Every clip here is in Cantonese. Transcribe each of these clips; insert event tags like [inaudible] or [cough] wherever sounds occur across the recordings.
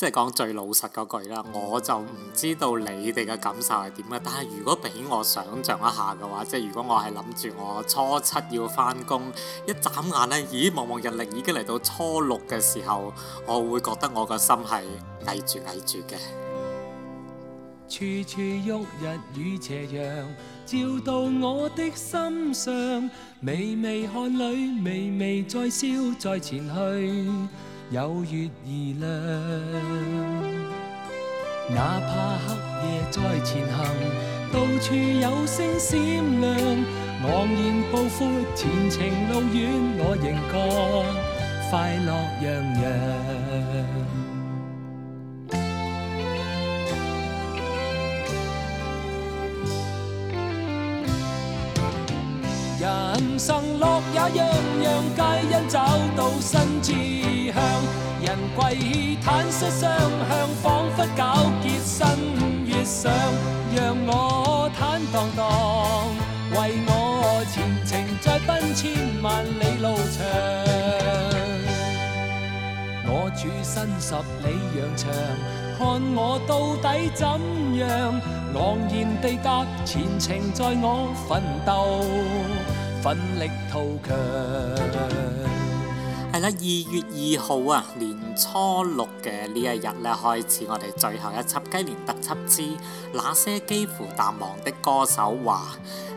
即係講最老實嗰句啦，我就唔知道你哋嘅感受係點啦。但係如果俾我想像一下嘅話，即係如果我係諗住我初七要翻工，一眨眼呢，咦，望望日曆已經嚟到初六嘅時候，我會覺得我個心係翳住翳住嘅。處處旭日與斜陽，照到我的心上，微微汗裏，微微再笑，再前去。有月兒亮，哪怕黑夜再前行，到處有星閃亮，茫然抱負，前程路遠，我仍覺快樂洋洋。人生樂也洋洋，皆因找到新志向。人貴坦率相向，仿佛皎潔新月上。讓我坦蕩蕩，為我前程再奔千萬里路長。我處身十里洋場，看我到底怎樣？昂然地踏前程，在我奮鬥。奮力圖強。係啦，二月二號啊，年初六嘅呢一日咧，開始我哋最後一輯雞年特輯之那些幾乎淡忘的歌手話。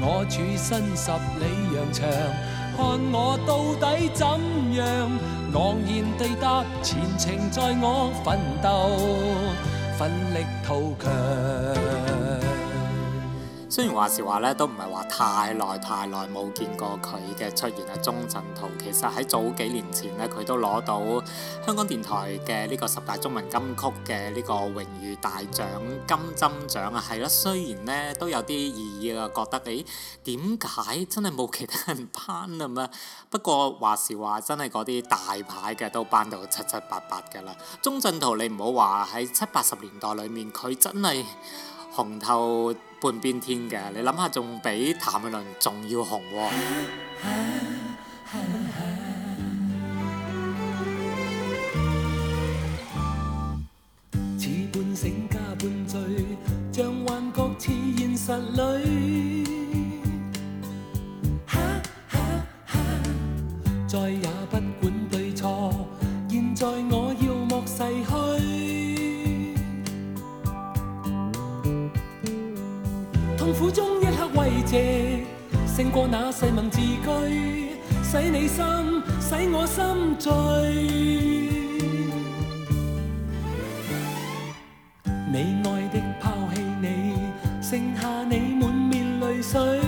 我處身十里洋場，看我到底怎樣昂然地踏前程，在我奮鬥，奮力圖強。雖然說話是話咧，都唔係話太耐太耐冇見過佢嘅出現啊！鐘鎮濤其實喺早幾年前咧，佢都攞到香港電台嘅呢個十大中文金曲嘅呢個榮譽大獎金針獎啊，係咯。雖然咧都有啲意議啊，覺得咦點解真係冇其他人攤啊？不過話是話，真係嗰啲大牌嘅都攤到七七八八㗎啦。鐘鎮濤你唔好話喺七八十年代裡面，佢真係～紅透半邊天嘅，你諗下仲比譚詠麟仲要紅喎。勝過那些文字句，使你心，使我心醉。 [music] 你愛的拋棄你，剩下你滿面淚水。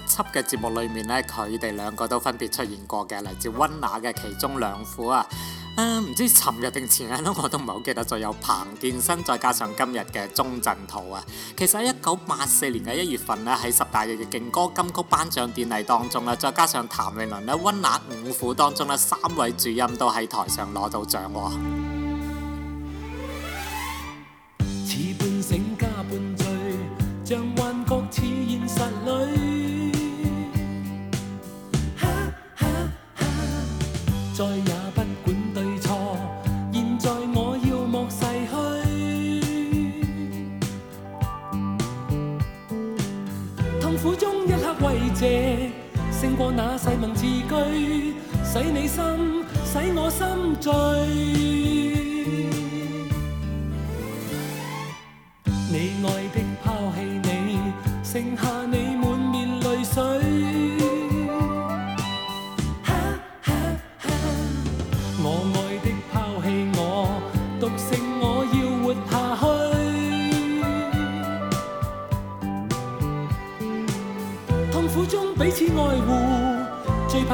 七輯嘅節目裏面呢，佢哋兩個都分別出現過嘅，嚟自溫拿嘅其中兩虎啊，唔、呃、知尋日定前日啦，我都唔係好記得，仲有彭健新，再加上今日嘅鍾鎮濤啊。其實喺一九八四年嘅一月份呢，喺十大嘅勁歌金曲頒獎典禮當中啦，再加上譚詠麟呢，溫拿五虎當中呢，三位主音都喺台上攞到獎喎。再也不管對錯，現在我要莫逝去。痛苦中一刻慰藉，勝過那世文字句，使你心，使我心醉。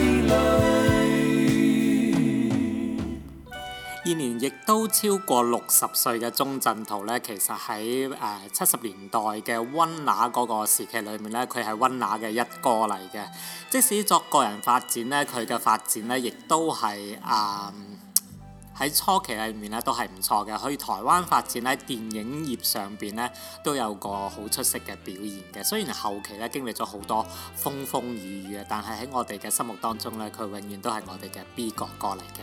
二年亦都超過六十歲嘅鐘鎮濤咧，其實喺誒七十年代嘅温拿嗰個時期裏面咧，佢係温拿嘅一哥嚟嘅。即使作個人發展咧，佢嘅發展咧亦都係誒。呃喺初期裏面咧都係唔錯嘅，去台灣發展喺電影業上邊咧都有個好出色嘅表現嘅。雖然後期咧經歷咗好多風風雨雨啊，但係喺我哋嘅心目當中咧，佢永遠都係我哋嘅 B 哥哥嚟嘅。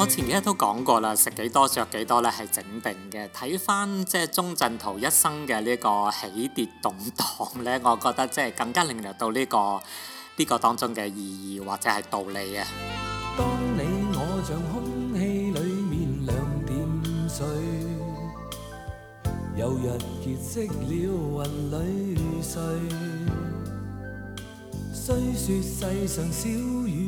我前幾日都講過啦，食幾多着幾多咧，係整定嘅。睇翻即係鐘鎮濤一生嘅呢個起跌動盪咧，我覺得即係更加領略到呢個呢個當中嘅意義或者係道理啊！當你我像空氣裡面兩點水，有人結識了雲裏水。雖說世上小雨。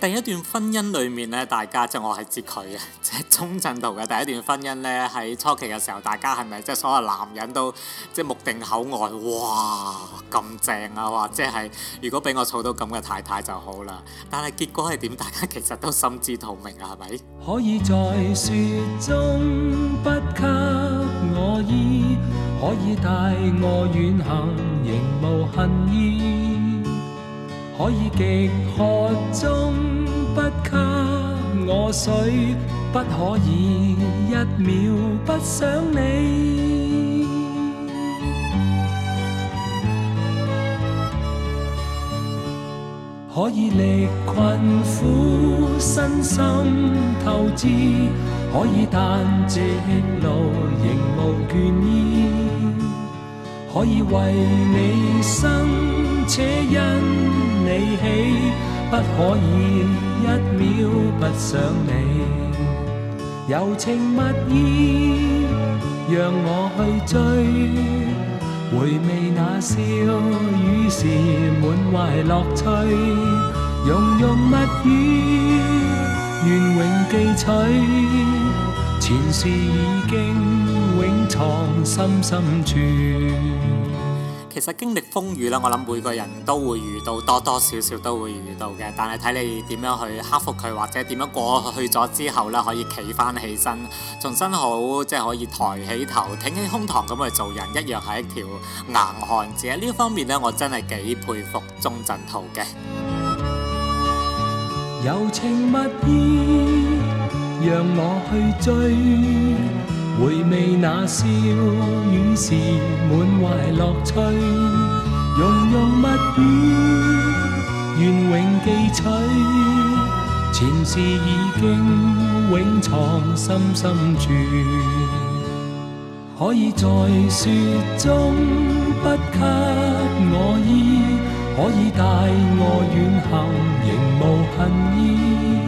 第一段婚姻裏面咧，大家即係我係接佢嘅，即係鐘鎮濤嘅第一段婚姻咧，喺初期嘅時候，大家係咪即係所有男人都即係目定口呆？哇，咁正啊！或者係如果俾我娶到咁嘅太太就好啦。但係結果係點？大家其實都心知肚明啊，係咪？可以在雪中不給我衣，可以帶我遠行，仍無恨意。可以極渴中不給我水，不可以一秒不想你。可以歷困苦身心透支，可以彈直路仍無倦意，可以為你生且因。記起，不可以一秒不想你。柔情蜜意，讓我去追，回味那笑語時，滿懷樂趣。融融蜜語，願永記取，前事已經永藏心深深處。其實經歷風雨我諗每個人都會遇到，多多少少都會遇到嘅。但係睇你點樣去克服佢，或者點樣過去咗之後咧，可以企翻起身，重新好，即係可以抬起頭、挺起胸膛咁去做人，一樣係一條硬漢子。喺呢方面咧，我真係幾佩服鐘鎮濤嘅。有情回味那笑語時，滿懷樂趣，融融蜜語願永記取，前事已經永藏心深深處。可以在雪中不給我衣，可以帶我遠行仍無恨意。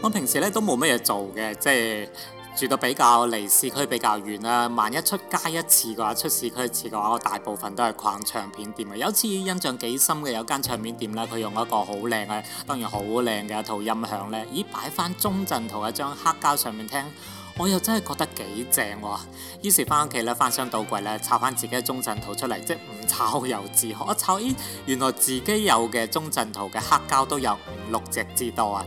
我平時咧都冇乜嘢做嘅，即係住到比較離市區比較遠啦。萬一出街一次嘅話，出市區一次嘅話，我大部分都係逛唱片店嘅。有次印象幾深嘅有間唱片店啦，佢用一個好靚嘅，當然好靚嘅一套音響咧，咦，擺翻鐘鎮濤一張黑膠上面聽，我又真係覺得幾正喎。於是翻屋企咧，翻箱倒櫃咧，抄翻自己嘅鐘鎮濤出嚟，即係唔抄又自學，我一抄，咦原來自己有嘅鐘鎮濤嘅黑膠都有五六隻之多啊！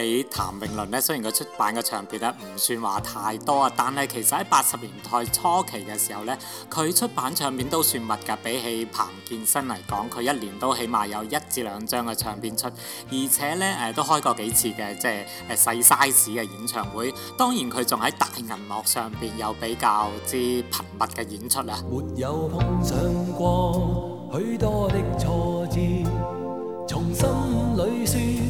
俾譚詠麟咧，雖然佢出版嘅唱片咧唔算話太多啊，但係其實喺八十年代初期嘅時候咧，佢出版唱片都算密噶。比起彭健新嚟講，佢一年都起碼有一至兩張嘅唱片出，而且咧誒都開過幾次嘅即係誒細 size 嘅演唱會。當然佢仲喺大銀幕上邊有比較之頻密嘅演出啦。沒有碰上過許多的挫折，從心裏説。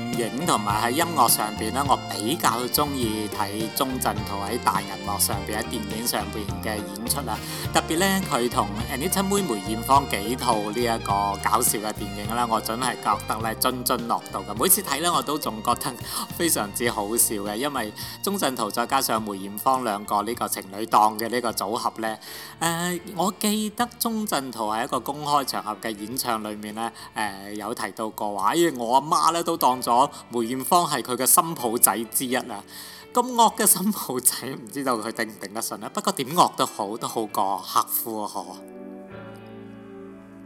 影同埋喺音樂上邊咧，我比較中意睇鐘鎮濤喺大銀幕上邊喺電影上邊嘅演出啊！特別咧，佢同 Anita 妹梅艷芳幾套呢一個搞笑嘅電影啦，我準係覺得咧津津樂道嘅。每次睇咧，我都仲覺得非常之好笑嘅，因為鐘鎮濤再加上梅艷芳兩個呢個情侶檔嘅呢個組合咧。誒、呃，我記得鐘鎮濤喺一個公開場合嘅演唱裏面咧，誒、呃、有提到過話，因、哎、為我阿媽咧都當咗。梅艷芳係佢嘅心抱仔之一啊！咁惡嘅心抱仔，唔知道佢頂唔頂得順啊。不過點惡都好，都好過客夫啊。可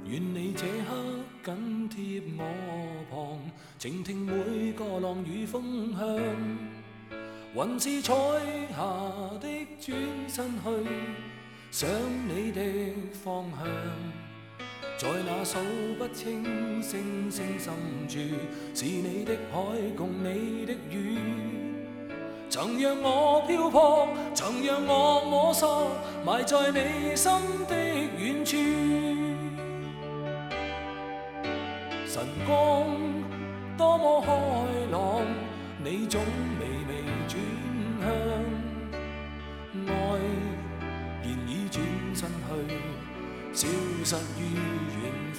願你這刻緊貼我旁，靜聽每個浪雨風向，雲似彩霞的轉身去，想你的方向。在那數不清星星深處，是你的海，共你的雨，曾讓我漂泊，曾讓我摸索，埋在你心的遠處。晨光多麼開朗，你總微微轉向，愛現已轉身去，消失於。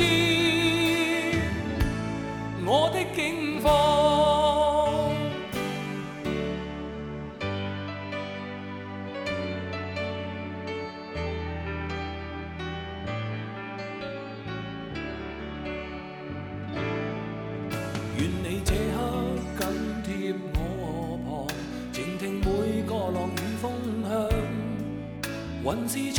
知我的境況願你這刻緊貼我旁，靜聽每個浪與風向，雲是彩。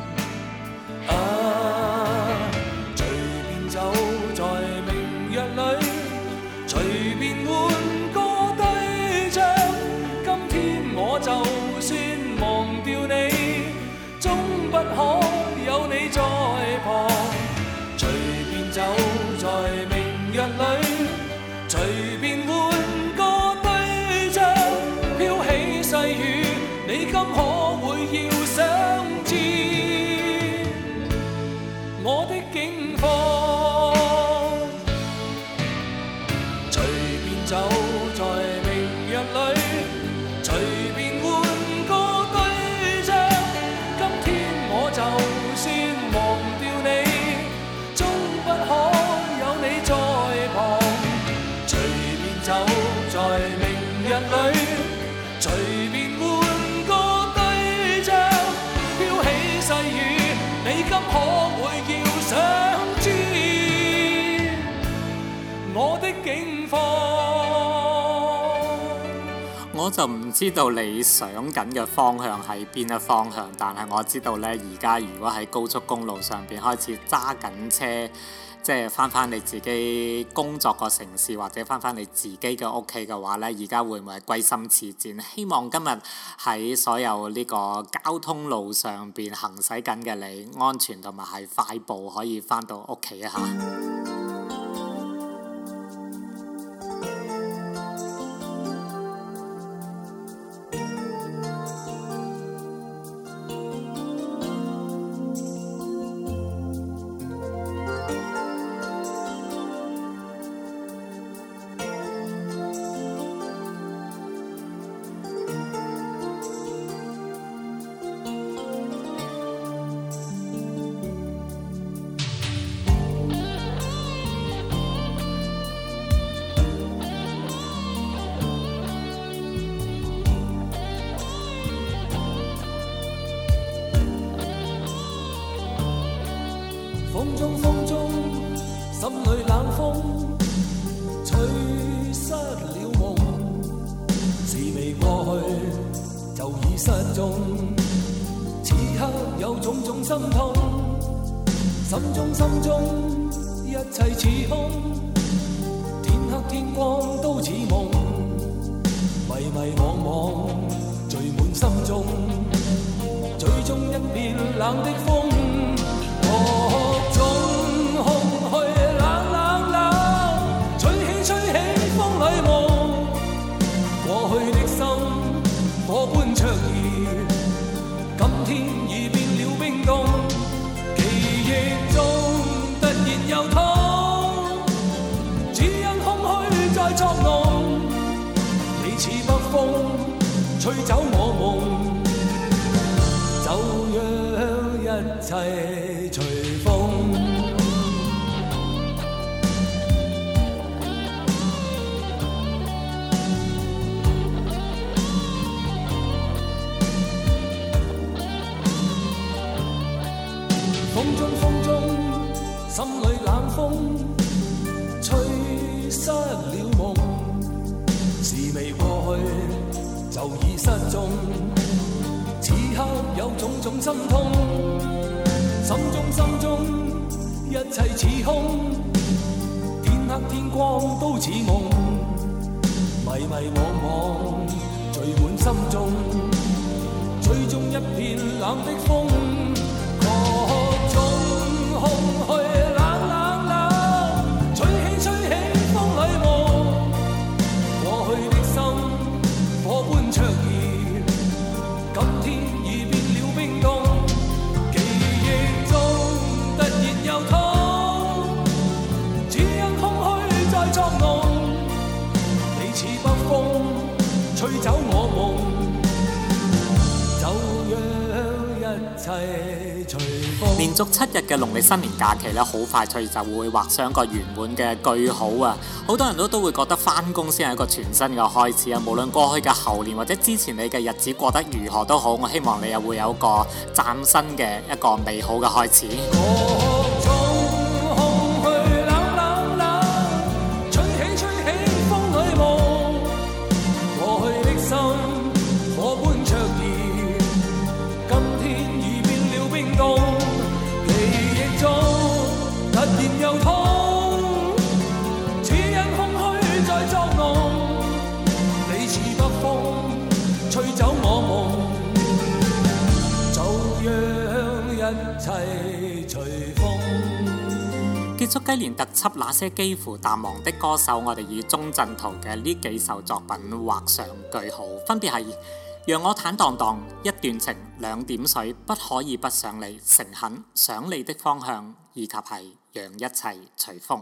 就唔知道你想緊嘅方向係邊一方向，但係我知道呢，而家如果喺高速公路上邊開始揸緊車，即係翻翻你自己工作個城市或者翻翻你自己嘅屋企嘅話呢，而家會唔會係歸心似箭？希望今日喺所有呢個交通路上邊行駛緊嘅你，安全同埋係快步可以翻到屋企啊！此刻有種種心痛，心中心中一切似空，天黑天光都似夢，迷迷惘惘聚滿心中，最終一片冷的風。吹走我夢，就讓一切。連續七日嘅農曆新年假期咧，好快脆就會畫上一個圓滿嘅句號啊！好多人都都會覺得翻工先係一個全新嘅開始啊！無論過去嘅猴年或者之前你嘅日子過得如何都好，我希望你又會有一個嶄新嘅一個美好嘅開始。雞年特輯那些幾乎淡忘的歌手，我哋以鍾鎮濤嘅呢幾首作品畫上句號，分別係《讓我坦蕩蕩》、《一段情》、《兩點水》、《不可以不想你》、誠懇、《誠懇》、《想你的方向》，以及係《讓一切隨風》。